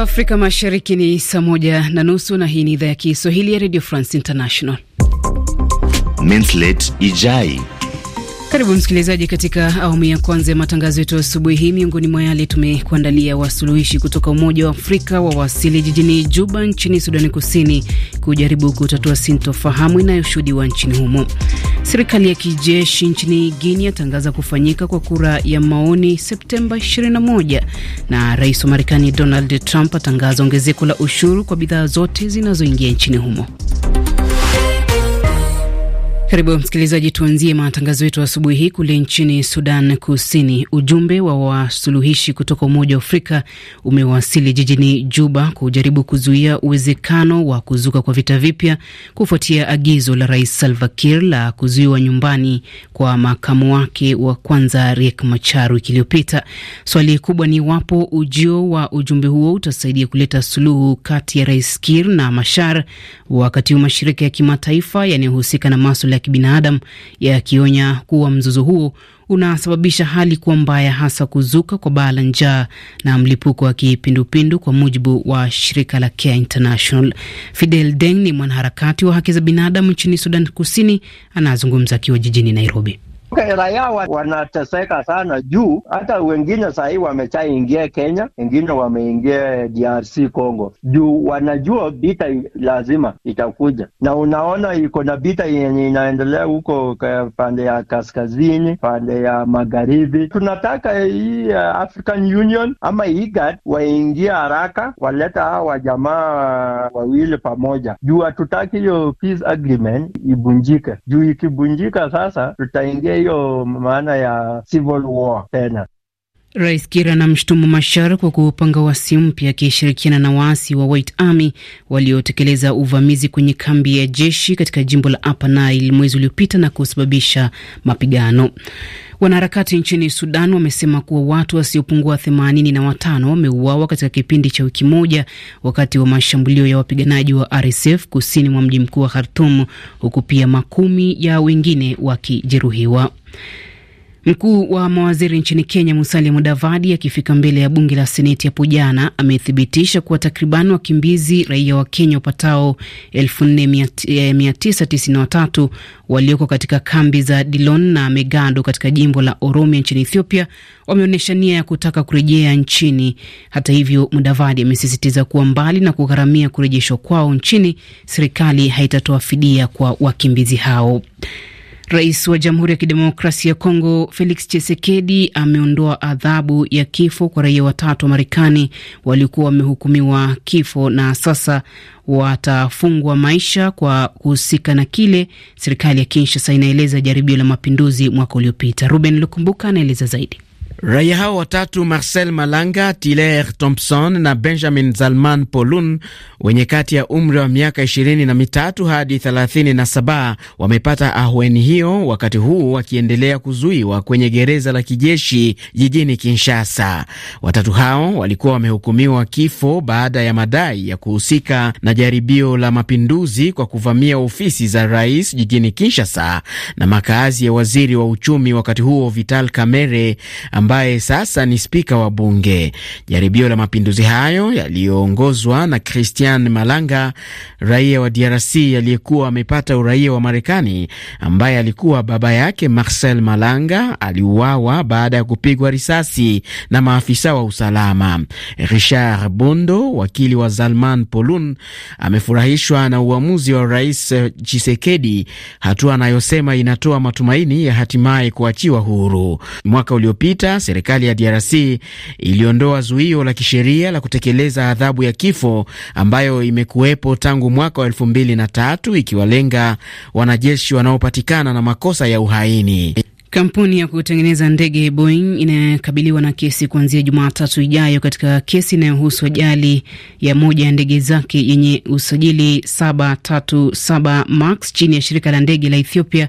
Afrika Mashariki ni saa moja na nusu na hii ni idhaa ya Kiswahili ya Radio France International. Mentlet, Ijai karibu msikilizaji, katika awamu ya kwanza ya matangazo yetu asubuhi hii. Miongoni mwa yale tumekuandalia: wasuluhishi kutoka Umoja wa Afrika wawasili jijini Juba nchini Sudani Kusini kujaribu kutatua sintofahamu inayoshuhudiwa nchini humo. Serikali ya kijeshi nchini Guinea yatangaza kufanyika kwa kura ya maoni Septemba 21, na rais wa Marekani Donald Trump atangaza ongezeko la ushuru kwa bidhaa zote zinazoingia nchini humo. Karibu msikilizaji, tuanzie matangazo yetu asubuhi hii kule nchini Sudan Kusini. Ujumbe wa wasuluhishi kutoka Umoja wa Afrika umewasili jijini Juba kujaribu kuzuia uwezekano wa kuzuka kwa vita vipya kufuatia agizo la Rais Salva Kiir la kuzuiwa nyumbani kwa makamu wake wa kwanza Riek Machar wiki iliyopita. Swali kubwa ni iwapo ujio wa ujumbe huo utasaidia kuleta suluhu kati ya Rais Kiir na Machar, wakati huu mashirika ya kimataifa yanayohusika na maswala ya kibinadamu yakionya kuwa mzozo huo unasababisha hali kuwa mbaya, hasa kuzuka kwa baa la njaa na mlipuko wa kipindupindu, kwa mujibu wa shirika la Care International. Fidel Deng ni mwanaharakati wa haki za binadamu nchini Sudan Kusini, anazungumza akiwa jijini Nairobi. Raia wanateseka sana juu hata wengine sahii wameshaingia Kenya, wengine wameingia DRC Congo juu wanajua vita lazima itakuja, na unaona iko na vita yenye inaendelea huko pande ya kaskazini, pande ya magharibi. Tunataka hii eh, African Union ama IGAD waingie haraka, waleta hawa jamaa eh, wawili pamoja juu hatutaki hiyo peace agreement ibunjike, juu ikibunjika sasa tutaingia hiyo maana ya civil war tena. Rais Kira anamshutumu Mashar kwa kupanga wasi mpya akishirikiana na waasi wa White Army waliotekeleza uvamizi kwenye kambi ya jeshi katika jimbo la Upper Nile mwezi uliopita na kusababisha mapigano. Wanaharakati nchini Sudan wamesema kuwa watu wasiopungua themanini na watano wameuawa katika kipindi cha wiki moja wakati wa mashambulio ya wapiganaji wa RSF kusini mwa mji mkuu wa khartum huku pia makumi ya wengine wakijeruhiwa. Mkuu wa mawaziri nchini Kenya Musalia Mudavadi akifika mbele ya bunge la seneti hapo jana amethibitisha kuwa takriban wakimbizi raia wa Kenya wapatao 4993 eh, walioko katika kambi za Dilon na Megado katika jimbo la Oromia nchini Ethiopia wameonyesha nia ya kutaka kurejea nchini. Hata hivyo, Mudavadi amesisitiza kuwa mbali na kugharamia kurejeshwa kwao nchini, serikali haitatoa fidia kwa wakimbizi hao. Rais wa Jamhuri ya Kidemokrasia ya Kongo Felix Tshisekedi ameondoa adhabu ya kifo kwa raia watatu wa Marekani waliokuwa wamehukumiwa kifo na sasa watafungwa maisha kwa kuhusika na kile serikali ya Kinshasa inaeleza jaribio la mapinduzi mwaka uliopita. Ruben Lukumbuka anaeleza zaidi. Raia hao watatu Marcel Malanga, Tiler Thompson na Benjamin Zalman Polun wenye kati ya umri wa miaka ishirini na mitatu hadi 37 na saba wamepata ahueni hiyo, wakati huu wakiendelea kuzuiwa kwenye gereza la kijeshi jijini Kinshasa. Watatu hao walikuwa wamehukumiwa kifo baada ya madai ya kuhusika na jaribio la mapinduzi kwa kuvamia ofisi za rais jijini Kinshasa na makaazi ya waziri wa uchumi wakati huo Vital Kamerhe ambaye sasa ni spika wa bunge. Jaribio la mapinduzi hayo yaliyoongozwa na Christian Malanga, raia wa DRC aliyekuwa amepata uraia wa Marekani, ambaye alikuwa baba yake Marcel Malanga, aliuawa baada ya kupigwa risasi na maafisa wa usalama. Richard Bondo, wakili wa Zalman Polun, amefurahishwa na uamuzi wa Rais chisekedi hatua anayosema inatoa matumaini ya hatimaye kuachiwa huru. Mwaka uliopita serikali ya DRC iliondoa zuio la kisheria la kutekeleza adhabu ya kifo ambayo imekuwepo tangu mwaka wa elfu mbili na tatu ikiwalenga wanajeshi wanaopatikana na makosa ya uhaini. Kampuni ya kutengeneza ndege Boeing inayokabiliwa na kesi kuanzia Jumatatu ijayo katika kesi inayohusu ajali ya moja ya ndege zake yenye usajili 737 Max chini ya shirika la ndege la Ethiopia,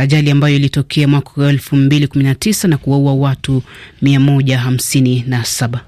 ajali ambayo ilitokea mwaka 2019 na kuwaua watu 157.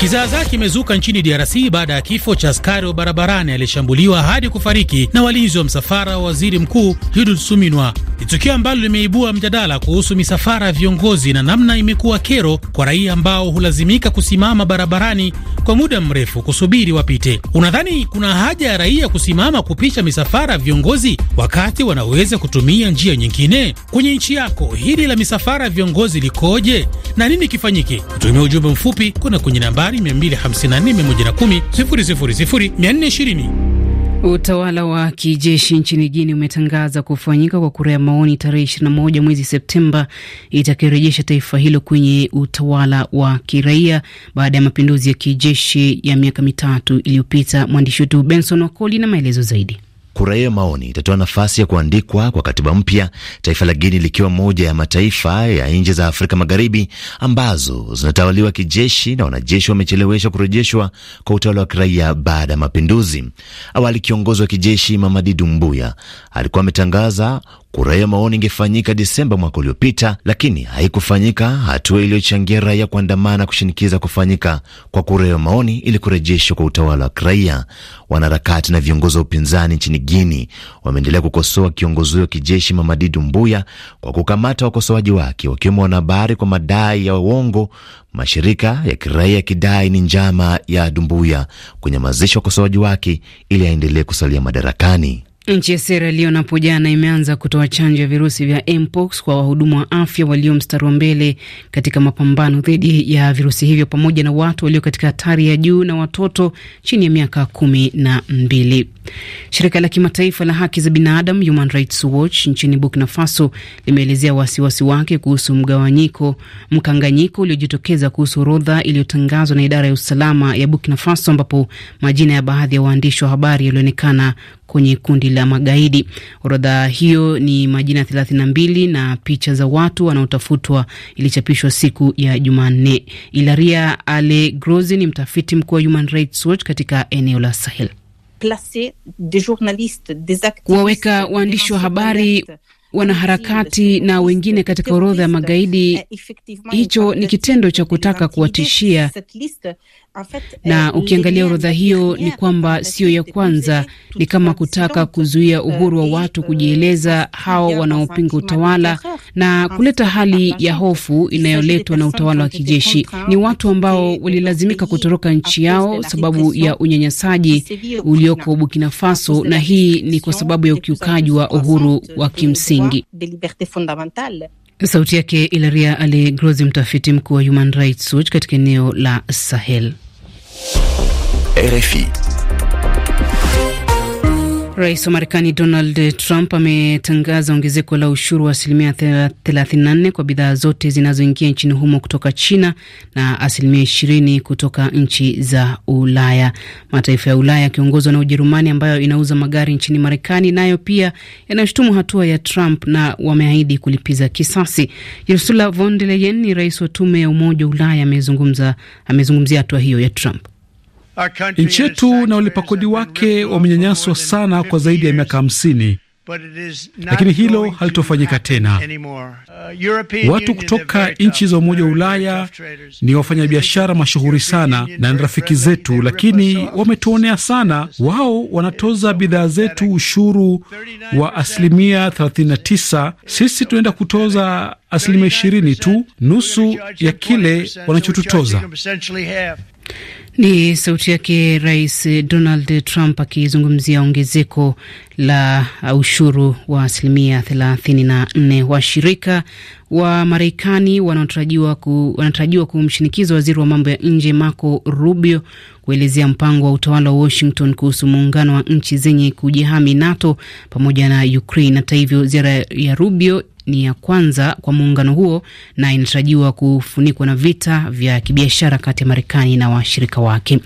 Kizaazaa kimezuka nchini DRC baada ya kifo cha askari wa barabarani aliyeshambuliwa hadi kufariki na walinzi wa msafara wa waziri mkuu Hidul Suminwa ni tukio ambalo limeibua mjadala kuhusu misafara ya viongozi na namna imekuwa kero kwa raia ambao hulazimika kusimama barabarani kwa muda mrefu kusubiri wapite. Unadhani kuna haja ya raia kusimama kupisha misafara ya viongozi wakati wanaweza kutumia njia nyingine? Kwenye nchi yako hili la misafara ya viongozi likoje na nini kifanyike? Tumia ujumbe mfupi kuna kwenye nambari 420. Utawala wa kijeshi nchini guine umetangaza kufanyika kwa kura ya maoni tarehe 21 mwezi Septemba itakayorejesha taifa hilo kwenye utawala wa kiraia baada ya mapinduzi ya kijeshi ya miaka mitatu iliyopita. Mwandishi wetu Benson Wakoli na maelezo zaidi. Kura hiyo maoni itatoa nafasi ya kuandikwa kwa katiba mpya, taifa la Guinea likiwa moja ya mataifa ya nchi za Afrika Magharibi ambazo zinatawaliwa kijeshi na wanajeshi wamecheleweshwa kurejeshwa kwa utawala wa kiraia baada ya mapinduzi. Awali kiongozi wa kijeshi Mamadi Dumbuya alikuwa ametangaza Kura ya maoni ingefanyika Desemba mwaka uliopita, lakini haikufanyika, hatua iliyochangia raia kuandamana kushinikiza kufanyika kwa kura ya maoni ili kurejeshwa kwa utawala wa kiraia. Wanaharakati na viongozi wa upinzani nchini Guini wameendelea kukosoa kiongozi huyo kijeshi Mamadi Mbuya kwa kukamata wakosoaji wake wakiwemo wanahabari kwa madai ya uongo, mashirika ya kiraia yakidai ni njama ya mazishi kunyamazisha wakosoaji wake ili aendelee kusalia madarakani. Nchi ya Sierra Leone hapo jana imeanza kutoa chanjo ya virusi vya mpox kwa wahudumu wa afya walio mstari wa mbele katika mapambano dhidi ya virusi hivyo, pamoja na watu walio katika hatari ya juu na watoto chini ya miaka kumi na mbili. Shirika la kimataifa la haki za binadamu Human Rights Watch nchini Burkina Faso limeelezea wasiwasi wake kuhusu mgawanyiko, mkanganyiko uliojitokeza kuhusu orodha iliyotangazwa na idara ya usalama ya Burkina Faso, ambapo majina ya baadhi ya waandishi wa habari yalionekana kwenye kundi la magaidi. Orodha hiyo ni majina 32 na picha za watu wanaotafutwa ilichapishwa siku ya Jumanne. Ilaria Ale Grozi ni mtafiti mkuu wa Human Rights Watch katika eneo la Sahel. Kuwaweka waandishi wa habari wanaharakati na wengine katika orodha ya magaidi. Hicho ni kitendo cha kutaka kuwatishia, na ukiangalia orodha hiyo ni kwamba siyo ya kwanza, ni kama kutaka kuzuia uhuru wa watu kujieleza, hao wanaopinga utawala na kuleta hali ya hofu inayoletwa na utawala wa kijeshi. Ni watu ambao walilazimika kutoroka nchi yao sababu ya unyanyasaji ulioko Burkina Faso, na hii ni kwa sababu ya ukiukaji wa uhuru wa kimsingi. Sauti yake Ilaria Ale Grozi, mtafiti mkuu wa Human Rights Watch katika eneo la Sahel. RFI. Rais wa Marekani Donald Trump ametangaza ongezeko la ushuru wa asilimia 34 kwa bidhaa zote zinazoingia nchini humo kutoka China na asilimia 20 kutoka nchi za Ulaya. Mataifa ya Ulaya yakiongozwa na Ujerumani ambayo inauza magari nchini Marekani nayo pia yanashutumu hatua ya Trump na wameahidi kulipiza kisasi. Ursula von der Leyen ni rais wa tume ya Umoja wa Ulaya amezungumzia hatua hiyo ya Trump. Nchi yetu na walipa kodi wake wamenyanyaswa sana kwa zaidi ya miaka hamsini, lakini hilo halitofanyika tena. Uh, watu kutoka nchi za Umoja wa Ulaya ni wafanyabiashara mashuhuri sana na ni rafiki zetu, lakini wametuonea sana. Wao wanatoza bidhaa zetu ushuru wa asilimia 39, sisi tunaenda kutoza asilimia 20 tu, nusu ya kile wanachotutoza. Ni sauti yake Rais Donald Trump akizungumzia ongezeko la ushuru wa asilimia 34 washirika wa Marekani wanatarajiwa kumshinikiza waziri wa mambo ya nje Marco Rubio kuelezea mpango wa utawala wa Washington kuhusu muungano wa nchi zenye kujihami NATO pamoja na Ukraine. Hata hivyo, ziara ya Rubio ni ya kwanza kwa muungano huo na inatarajiwa kufunikwa na vita vya kibiashara kati ya Marekani na washirika wake.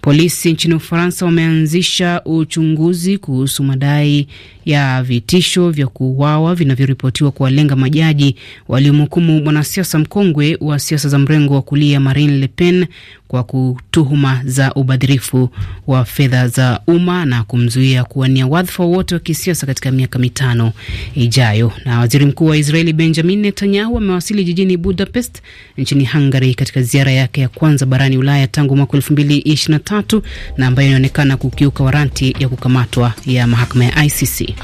Polisi nchini Ufaransa wameanzisha uchunguzi kuhusu madai ya vitisho vya kuuawa vinavyoripotiwa kuwalenga majaji waliomhukumu mwanasiasa mkongwe wa siasa za mrengo wa kulia Marine Le Pen kwa kutuhuma za ubadhirifu wa fedha za umma na kumzuia kuwania wadhifa wowote wa kisiasa katika miaka mitano ijayo. Na waziri mkuu wa Israeli Benjamin Netanyahu amewasili jijini Budapest nchini Hungary katika ziara yake ya kwanza barani Ulaya tangu mwaka elfu mbili ishirini na tatu na ambayo inaonekana kukiuka waranti ya kukamatwa ya mahakama ya ICC.